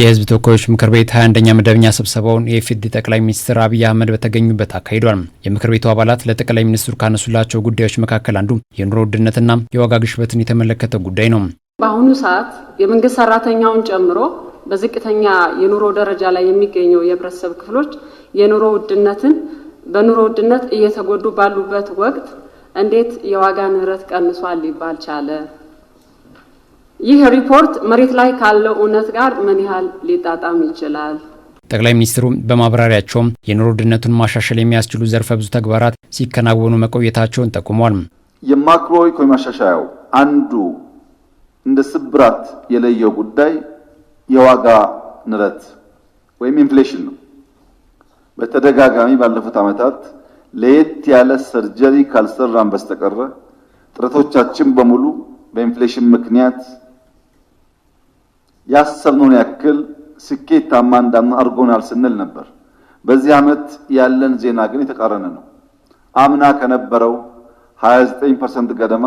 የህዝብ ተወካዮች ምክር ቤት 21ኛ መደበኛ ስብሰባውን የኢፌዴሪ ጠቅላይ ሚኒስትር አብይ አህመድ በተገኙበት አካሂዷል። የምክር ቤቱ አባላት ለጠቅላይ ሚኒስትሩ ካነሱላቸው ጉዳዮች መካከል አንዱ የኑሮ ውድነትና የዋጋ ግሽበትን የተመለከተ ጉዳይ ነው። በአሁኑ ሰዓት የመንግስት ሰራተኛውን ጨምሮ በዝቅተኛ የኑሮ ደረጃ ላይ የሚገኘው የህብረተሰብ ክፍሎች የኑሮ ውድነትን በኑሮ ውድነት እየተጎዱ ባሉበት ወቅት እንዴት የዋጋ ንረት ቀንሷል ሊባል ቻለ? ይህ ሪፖርት መሬት ላይ ካለው እውነት ጋር ምን ያህል ሊጣጣም ይችላል? ጠቅላይ ሚኒስትሩ በማብራሪያቸውም የኑሮ ውድነቱን ማሻሻል የሚያስችሉ ዘርፈ ብዙ ተግባራት ሲከናወኑ መቆየታቸውን ጠቁሟል። የማክሮ ኢኮኖሚ ማሻሻያው አንዱ እንደ ስብራት የለየው ጉዳይ የዋጋ ንረት ወይም ኢንፍሌሽን ነው። በተደጋጋሚ ባለፉት ዓመታት ለየት ያለ ሰርጀሪ ካልሰራን በስተቀረ ጥረቶቻችን በሙሉ በኢንፍሌሽን ምክንያት ያሰብነውን ያክል ስኬታማ እንዳንሆን አድርጎናል ስንል ነበር። በዚህ ዓመት ያለን ዜና ግን የተቃረነ ነው። አምና ከነበረው 29% ገደማ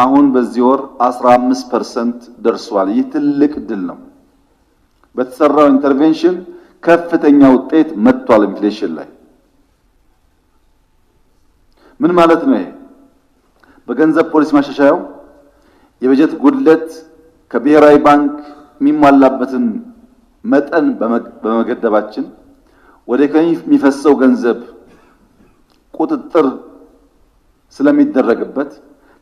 አሁን በዚህ ወር 15% ደርሷል። ይህ ትልቅ ድል ነው። በተሰራው ኢንተርቬንሽን ከፍተኛ ውጤት መጥቷል። ኢንፍሌሽን ላይ ምን ማለት ነው? ይሄ በገንዘብ ፖሊሲ ማሻሻያው የበጀት ጉድለት ከብሔራዊ ባንክ የሚሟላበትን መጠን በመገደባችን ወደ ኢኮኖሚ የሚፈሰው ገንዘብ ቁጥጥር ስለሚደረግበት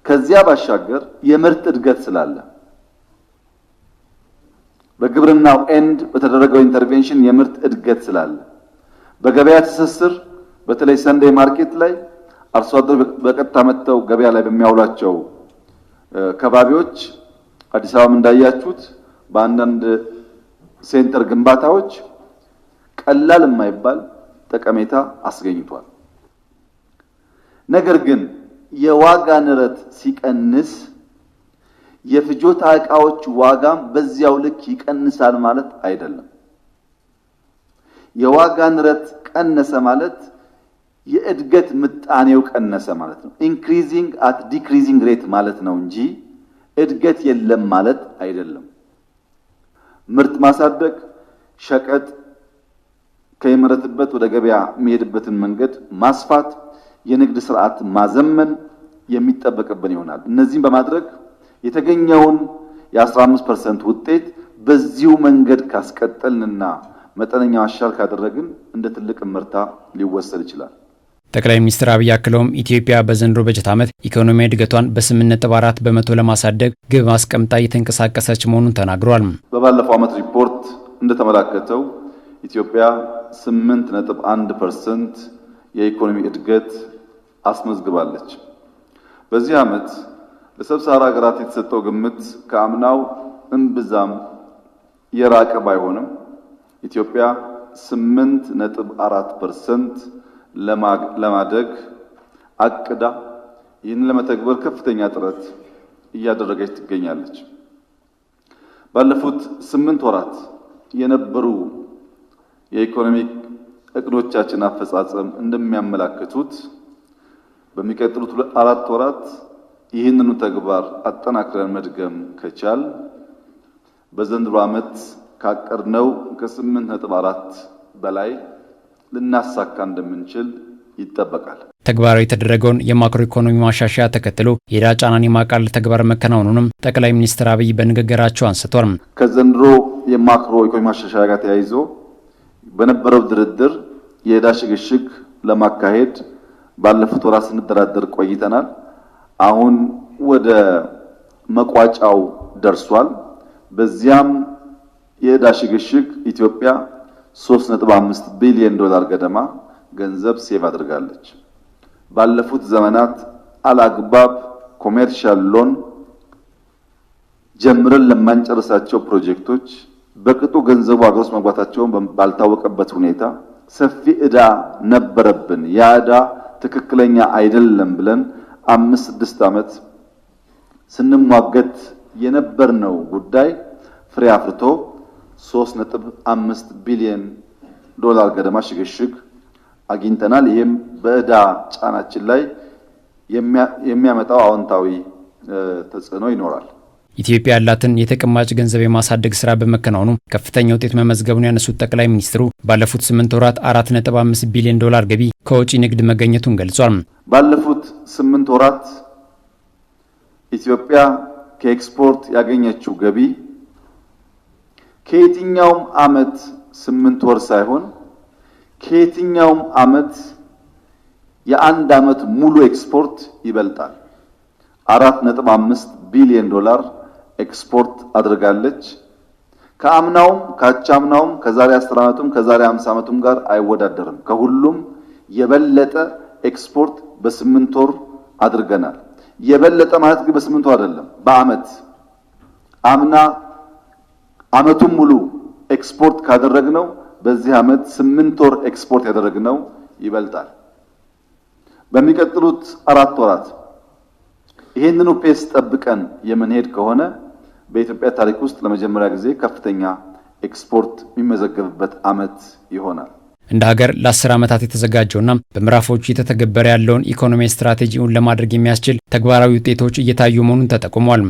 ከዚያ ባሻገር የምርት እድገት ስላለ በግብርናው ኤንድ በተደረገው ኢንተርቬንሽን የምርት እድገት ስላለ በገበያ ትስስር በተለይ ሰንደይ ማርኬት ላይ አርሶ አደር በቀጥታ መጥተው ገበያ ላይ በሚያውሏቸው ከባቢዎች አዲስ አበባም እንዳያችሁት በአንዳንድ ሴንተር ግንባታዎች ቀላል የማይባል ጠቀሜታ አስገኝቷል። ነገር ግን የዋጋ ንረት ሲቀንስ የፍጆታ እቃዎች ዋጋም በዚያው ልክ ይቀንሳል ማለት አይደለም። የዋጋ ንረት ቀነሰ ማለት የእድገት ምጣኔው ቀነሰ ማለት ነው። ኢንክሪዚንግ አት ዲክሪዚንግ ሬት ማለት ነው እንጂ እድገት የለም ማለት አይደለም። ምርት ማሳደግ፣ ሸቀጥ ከሚመረትበት ወደ ገበያ የሚሄድበትን መንገድ ማስፋት፣ የንግድ ስርዓት ማዘመን የሚጠበቅብን ይሆናል። እነዚህም በማድረግ የተገኘውን የ15 ፐርሰንት ውጤት በዚሁ መንገድ ካስቀጠልንና መጠነኛ አሻር ካደረግን እንደ ትልቅ ምርታ ሊወሰድ ይችላል። ጠቅላይ ሚኒስትር አብይ አክለውም ኢትዮጵያ በዘንድሮ በጀት ዓመት ኢኮኖሚ እድገቷን በስምንት ነጥብ አራት በመቶ ለማሳደግ ግብ ማስቀምጣ እየተንቀሳቀሰች መሆኑን ተናግሯል። በባለፈው ዓመት ሪፖርት እንደተመላከተው ኢትዮጵያ ስምንት ነጥብ አንድ ፐርሰንት የኢኮኖሚ እድገት አስመዝግባለች። በዚህ ዓመት ለሰብሳራ ሀገራት የተሰጠው ግምት ከአምናው እምብዛም የራቀ ባይሆንም ኢትዮጵያ ስምንት ነጥብ አራት ፐርሰንት ለማደግ አቅዳ ይህንን ለመተግበር ከፍተኛ ጥረት እያደረገች ትገኛለች። ባለፉት ስምንት ወራት የነበሩ የኢኮኖሚክ እቅዶቻችን አፈጻጸም እንደሚያመላክቱት በሚቀጥሉት አራት ወራት ይህንኑ ተግባር አጠናክረን መድገም ከቻል በዘንድሮ ዓመት ካቀድነው ከስምንት ነጥብ አራት በላይ ልናሳካ እንደምንችል ይጠበቃል። ተግባራዊ የተደረገውን የማክሮ ኢኮኖሚ ማሻሻያ ተከትሎ የዕዳ ጫናን የማቃለል ተግባር መከናወኑንም ጠቅላይ ሚኒስትር አብይ በንግግራቸው አንስቷል። ከዘንድሮ የማክሮ ኢኮኖሚ ማሻሻያ ጋር ተያይዞ በነበረው ድርድር የዕዳ ሽግሽግ ለማካሄድ ባለፉት ወራት ስንደራደር ቆይተናል። አሁን ወደ መቋጫው ደርሷል። በዚያም የዕዳ ሽግሽግ ኢትዮጵያ 3.5 ቢሊዮን ዶላር ገደማ ገንዘብ ሴቭ አድርጋለች። ባለፉት ዘመናት አላግባብ ኮሜርሻል ሎን ጀምረን ለማንጨርሳቸው ፕሮጀክቶች በቅጡ ገንዘቡ አገር ውስጥ መግባታቸውን ባልታወቀበት ሁኔታ ሰፊ ዕዳ ነበረብን። ያ ዕዳ ትክክለኛ አይደለም ብለን አምስት ስድስት ዓመት ስንሟገት የነበርነው ጉዳይ ፍሬ አፍርቶ ሶስት ነጥብ አምስት ቢሊየን ዶላር ገደማ ሽግሽግ አግኝተናል። ይህም በእዳ ጫናችን ላይ የሚያመጣው አዎንታዊ ተጽዕኖ ይኖራል። ኢትዮጵያ ያላትን የተቀማጭ ገንዘብ የማሳደግ ስራ በመከናወኑ ከፍተኛ ውጤት መመዝገቡን ያነሱት ጠቅላይ ሚኒስትሩ ባለፉት ስምንት ወራት አራት ነጥብ አምስት ቢሊዮን ዶላር ገቢ ከወጪ ንግድ መገኘቱን ገልጿል። ባለፉት ስምንት ወራት ኢትዮጵያ ከኤክስፖርት ያገኘችው ገቢ ከየትኛውም ዓመት ስምንት ወር ሳይሆን ከየትኛውም ዓመት የአንድ ዓመት ሙሉ ኤክስፖርት ይበልጣል። አራት ነጥብ አምስት ቢሊዮን ዶላር ኤክስፖርት አድርጋለች። ከአምናውም ካቻምናውም ከዛሬ 10 ዓመቱም ከዛሬ 50 ዓመቱም ጋር አይወዳደርም። ከሁሉም የበለጠ ኤክስፖርት በስምንት ወር አድርገናል። የበለጠ ማለት ግን በስምንት ወር አይደለም፣ በአመት አምና አመቱን ሙሉ ኤክስፖርት ካደረግነው በዚህ አመት ስምንት ወር ኤክስፖርት ያደረግነው ይበልጣል። በሚቀጥሉት አራት ወራት ይህንኑ ፔስ ጠብቀን የምንሄድ ከሆነ በኢትዮጵያ ታሪክ ውስጥ ለመጀመሪያ ጊዜ ከፍተኛ ኤክስፖርት የሚመዘገብበት አመት ይሆናል። እንደ ሀገር ለአስር ዓመታት የተዘጋጀውና በምዕራፎቹ እየተተገበረ ያለውን ኢኮኖሚ ስትራቴጂውን ለማድረግ የሚያስችል ተግባራዊ ውጤቶች እየታዩ መሆኑን ተጠቁሟል።